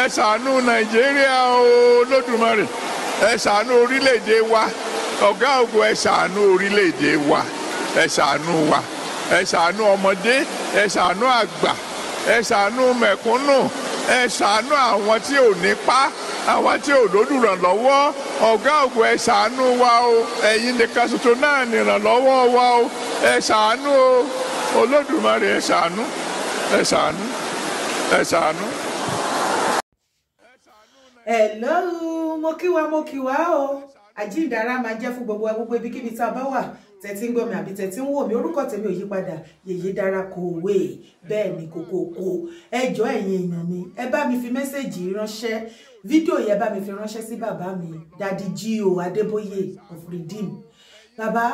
ẹ ṣàánú nàìjíríà olódùmarè ẹ ṣàánú orílẹ̀-èdè wa ọ̀gá ògo ẹ ṣàánú orílẹ̀ wa ẹ wa ẹ ṣàánú ọmọdé ẹ ṣàánú àgbà ẹ ṣàánú mẹ̀kúnnù ẹ ṣàánú àwọn tí ò nípa àwọn tí wa o ẹ̀yin nìkan ṣoṣo náà wa o ẹ ṣàánú olódùmarè ẹ ṣàánú ẹ hello mo kí wa mo kí wa o àjíǹdára máa jẹ́ fún gbogbo agbogbo ibikíbi tá a bá wà tẹ̀tí ń gbọ́ mi àbí tẹ̀tí ń wò mí orúkọ tèmi ò yípadà yèyé dára kò wé bẹ́ẹ̀ ni kò kò kò ẹjọ́ ẹ̀yin èèyàn mi ẹ bá mi fi mẹ́sẹ̀gì ránṣẹ́ fídíò yẹn bá mi fi ránṣẹ́ sí bàbá mi dadi gio Adeboye of redeem bàbá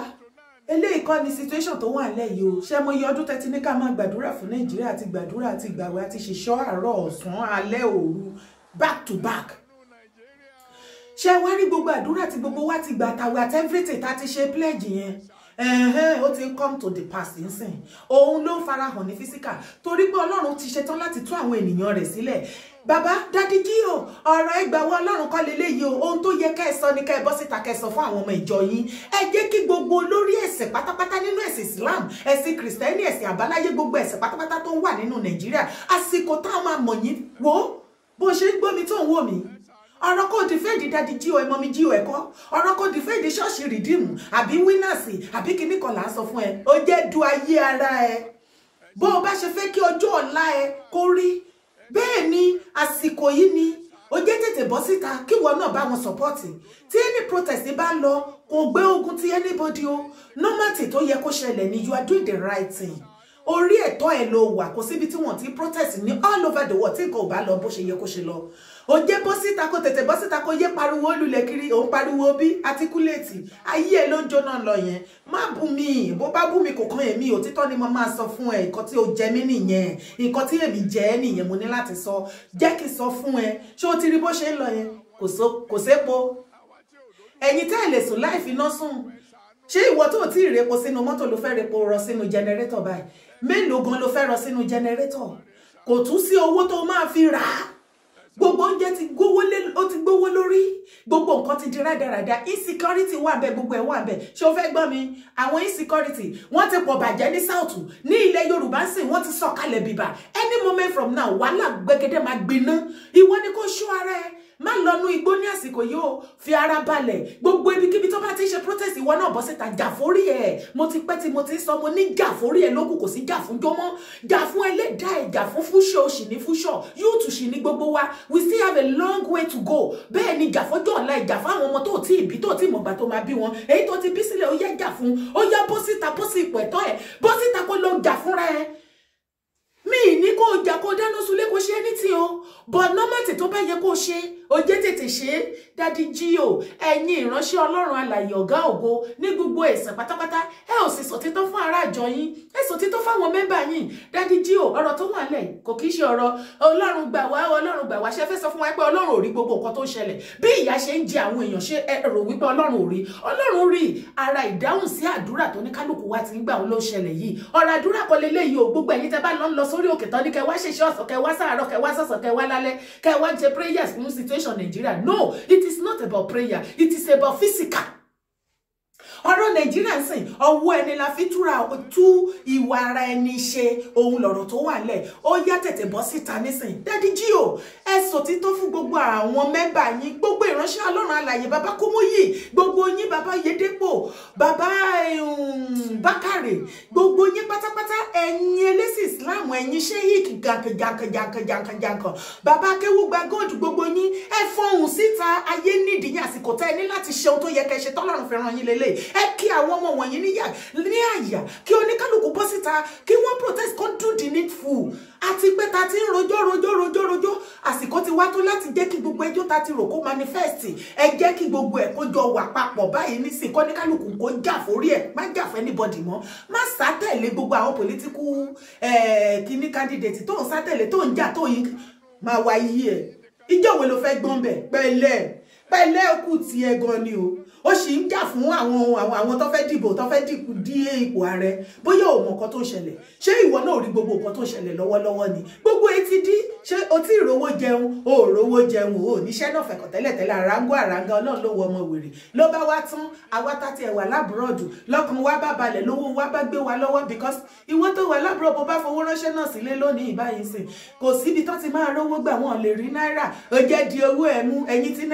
eléyìí kọ́ ni situation tó wà nílẹ̀ yìí o ṣé mo yẹ ọdún tẹ́tí ní ká máa gbàdúrà fún nàìjíríà àti gbàdúrà àti ìgbàwẹ̀ àti ṣìṣọ́ àárọ̀ ọ̀sán alẹ́ òru back to back ṣé wá rí gbogbo àdúrà tí gbogbo wa ti gbà tàwé at everything tá a ti ṣe pledge yẹn ẹ̀hẹ́n ó ti ń come to the past nsìn òun ló ń farahàn ní físíkà torí pé ọlọ́run ti ṣetán láti tú àwọn ènìyàn rẹ̀ sílẹ̀ bàbá dádì jí o ọ̀rọ̀ ẹgbàwọ́ ọlọ́run kọ́ leléyìí o ohun tó yẹ kẹ́ẹ̀sọ ni kẹ́ẹ̀ bọ́ síta kẹ́ẹ̀sọ fún àwọn ọmọ ìjọ yín ẹ jẹ́ kí gbogbo olórí ẹ̀sìn pátápátá nínú ẹ̀sìn Islam ẹ̀sìn kìrìsìtẹ́nì ẹ̀sìn àbáláyé gbogbo ẹ̀sìn pátápátá tó ń wà nínú Nàìjíríà àsìkò tá a máa mọ̀ yín wo bó ṣe ń gbọ́ mi tó ń wò mí ọ̀rọ̀ kò dìfẹ́ǹdì dadi jíò ẹmọ mi jíò ẹ̀kọ́ ọ̀rọ̀ kò dìfẹ́ǹdì ṣọ́ọ̀ṣì rìdíìmù àbí wínàsì àbí kinní kan là ń sọ fún ẹ ó jẹ́ du ayé ara ẹ bó o bá ṣe fẹ́ kí ọjọ́ ọ̀la ẹ kó rí bẹ́ẹ̀ ni àsìkò yìí ni ó jẹ́ tètè bọ́ síta kí wọn náà bá wọn sọ́pọ́ọ̀tì tí any protest bá lọ kò gbé ogun ti anybody o matter tó yẹ kó ṣẹlẹ̀ ni you are doing the right thing orí ẹ̀tọ́ ẹ̀ ló wà kò síbi tí wọ́n ti protest ní all over the world tí nǹkan ò bá lọ bó ṣe yẹ kó ṣe lọ ó jẹ́ bọ́ síta kó tètè bọ́ síta kó yé pariwo lulẹ̀ kiri òun pariwo bí atikúlẹ̀tì ayé ẹ̀ ló ń jóná lọ yẹn má bú mi bó bá bú mi kò kàn èmi òtítọ́ ni mo máa sọ fún ẹ nǹkan tí o jẹ mí nìyẹn nǹkan tí èmi jẹ ẹ́ nìyẹn mo ní láti sọ jẹ́ kí n sọ fún ẹ ṣé o ti rí bó ṣe ń lọ yẹn kò sépo ẹ̀yin tẹ́ ẹ̀ lè sùn láì fi iná sùn ṣé ìwọ tó ti ìrèpo sínú mọ́tò ló fẹ́ repo rọ sínú jẹnẹrétọ̀ báyìí mélòó gan ló fẹ́ rọ sínú jẹnẹrétọ̀ kò tún sí owó tó máa fi rà á gbogbo oúnjẹ ti gbówó lórí gbogbo nǹkan ti di rádaràda insecurity wà bẹ́ẹ̀ gbogbo ẹ̀ wà bẹ́ẹ̀ ṣé o fẹ́ gbọ́ mi àwọn insecurity wọ́n ti pọ̀ bàjẹ́ ní south ní ilẹ̀ yorùbá sì wọ́n ti sọ̀kalẹ̀ bìbà any moment from now wàhálà gbẹgẹdẹ máa gbiná ìwọ ni kò ṣọ́ ara ẹ̀ má lọnu igbó ní àsìkò yìí o fi ara balẹ̀ gbogbo ibikíbi tó bá ti ṣe protest ìwọ náà bọ́ síta jà forí ẹ̀ mo ti pẹ́ tí mo ti sọ mo ní jà forí ẹ̀ lókù kò sí jà fún jọmọ́ jà fún ẹlẹ́dàá ẹ̀ jà fún fúnṣọ òṣì ní fúnṣọ yóòtù ṣì ní gbogbo wa we still have a long way to go bẹ́ẹ̀ ni jà fọ́jọ́ ọ̀la ẹ̀ jà fún àwọn ọmọ tó ti ìbí tó ti mọ̀gbà tó máa bí wọn èyí tó ti bí sílẹ̀ ó yẹ jà fún ó yá bọ́ síta bọ́ sí ipò ẹ̀tọ́ ẹ̀ bọ́ síta kó lọ jà fúnra ẹ̀ jà kó dáná sunlé kó ṣe anything o but nọ́mọ̀tì tó bá yẹ kó ṣe o jẹ́ tètè ṣe é dádì G.O ẹ̀yin ìránṣẹ́ ọlọ́run alàyè ọ̀gá ògo ní gbogbo ẹ̀sìn pátápátá ẹ ò sì sọ̀títọ́ fún ará àjọ yín títọ́ fáwọn mẹ́mbà yìí dádì jí o ọ̀rọ̀ tó wà lẹ̀ kò kí í ṣe ọ̀rọ̀ ọlọ́run gbà wá ọlọ́run gbà wá ṣe fẹ́ sọ fún wa pé ọlọ́run ò rí gbogbo nǹkan tó ń ṣẹlẹ̀ bí ìyà ṣe ń jẹ àwọn èèyàn ṣe ẹ̀rọ wípé ọlọ́run ò rí ọlọ́run rí ara ìdáhùn sí àdúrà tó ní kálukú wa ti ń gbà òun ló ṣẹlẹ̀ yìí ọ̀rọ̀ àdúrà kan leléyìí o gbogbo ẹ̀yin tẹ́ bá lọ ń lọ sórí òkè tán ní kẹ́ wá ṣèṣẹ́ ọ̀sán kẹ́ wá sáàárọ̀ kẹ́ wá sọ̀sán kẹ́ wá situation Nigeria no it is not about prayer it is about physical ọ̀rọ̀ nàìjíríà sìn ọwọ́ ẹni la fi túra tú ìwà ara ẹni ṣe ohun lọ̀rọ̀ tó wà lẹ̀ ó yá tètè bọ́ síta nísìn dádì jí o òtítọ́ fún gbogbo àwọn mẹ́mbà yín gbogbo ìránṣẹ́ ọlọ́run alàyè bàbá kómóyì gbogbo yín bàbá yédépò bàbá ehm, bákàrè gbogbo yín pátápátá ẹ̀yin ẹlẹ́sìn islam ẹ̀yin sheik jankanjankanjankanjankan bàbá akéwùgbà gold gbogbo yín ẹ fọhùn síta ayé nídìí ní àsìkò tẹ́ ẹ ní láti ṣe ohun tó yẹ kẹ́ ṣe tọ́lọ́run fẹ́ràn yín lélẹ̀ ẹ kí àwọn ọmọ wọ̀nyí ní àyà kí ó síta kí wọ́n protest kan do the needful àti pé ta ti ń rojọ́ rojọ́ rojọ́ rojọ́ àsìkò ti wá tó láti jẹ́ kí gbogbo ẹjọ́ ta ti rò kó manifest ẹ jẹ́ kí gbogbo ẹ̀ kó jọ wà papọ̀ báyìí nísìnyí kọ́ ní kálukú kó jà forí ẹ̀ má jà fún anybody mọ́ má sátẹ̀lé gbogbo àwọn political kíní candidate tó ń sátẹ̀lé tó ń jà tó yín máa wáyé ẹ̀ ìjọ́ wo ló fẹ́ gbọ́n bẹ̀ pẹ̀lẹ́ pẹ̀lẹ́ òkú ti ẹ ni o ó sì ń jà fún àwọn àwọn àwọn tó fẹ́ dìbò tó fẹ́ dìbò dí ipò ààrẹ bóyá òun nǹkan tó ń ṣẹlẹ̀ ṣé ìwọ náà rí gbogbo nǹkan tó ṣẹlẹ̀ lọ́wọ́lọ́wọ́ ni gbogbo etí dí ṣé o ti rówó jẹun o ò rówó jẹun o ò níṣẹ́ náà fẹ̀kọ̀ tẹ́lẹ̀tẹ́lẹ̀ àrángó àrángá ọlọ́run ló wọ ọmọ wèrè ló bá wá tán àwa tá tiẹ̀ wà lábúrọ̀dù lọ́kàn wá bá balẹ̀ lówó wá bá gbé wa lọ́wọ́ because ìwọ tó wà lábúrò bó bá fowó ránṣẹ́ náà sílé lónìí ìbáyìí sìn kò síbi tó ti máa rówó gbà wọ́n lè rí náírà ó jẹ́ di owó ẹ̀ ẹ̀yìn tí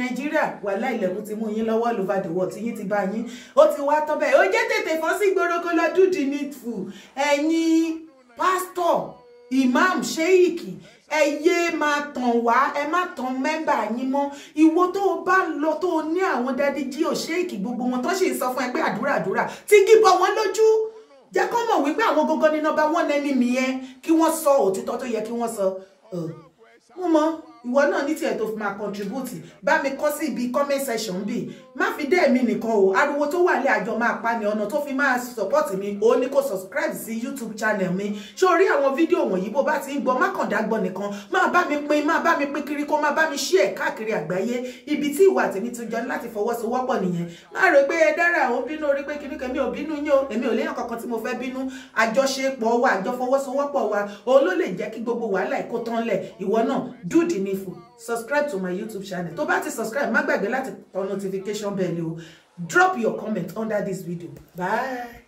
nàìjíríà wà láìlẹ̀kùn ti mú yín lọ́wọ́ olùbàdànwọ̀ tí yín ti bá yín ó ti wá tọ́ bẹ́ẹ̀ ó jẹ́ tètè fọ́n sí gbòòrò lọ do the ẹ̀yin pásítọ̀ imam sheikh ẹ yé máa tàn wá ẹ má tàn mẹ́mbà yín mọ́ ìwo tó o bá lọ tó o ní àwọn dádì jí ò sheikh gbogbo wọn tó sì sọ fún ẹ pé àdúrà àdúrà tí gíbọ wọn lójú jẹ́ kó mọ̀ wípé àwọn gógó ní nọ́mbà wọn ẹni mìíràn kí wọ́n sọ òtítọ́ tó yẹ kí wọ́n sọ wọ́n mọ̀ ìwọ náà ní tiẹ̀ tó fi máa contribute bá mi kọ́ sí ibi comment section bì má fi dé èmi nìkan o ariwo tó wà lé àjọ máa pa ni ọ̀nà tó fi máa support mi ó ní kó subscribe sí youtube channel mi ṣé o rí àwọn fídíò wọ̀nyí bó bá ti ń gbọ́ má kàn dágbọ́ nìkan máa bá mi pín máa bá mi pín kiri kó máa bá mi share káàkiri àgbáyé ibi tí ìwà tèmi ti jọ ní láti fọwọ́sowọ́pọ̀ nìyẹn má rò pé ẹ dára ò ń bínú orí pé kiri kẹ́mi ò bínú yín o èmi ò léyàn kankan tí mo fẹ́ bínú àjọṣepọ̀ wa àjọfọwọ́sowọ́pọ̀ wa òun ló lè jẹ́ kí gbogbo wàhálà ìkó tán lẹ̀ ìwọ náà dúdì ni grateful subscribe to my youtube channel tó bá ti subscribe má gbàgbé láti tọ notification bell o drop your comment under this video bye.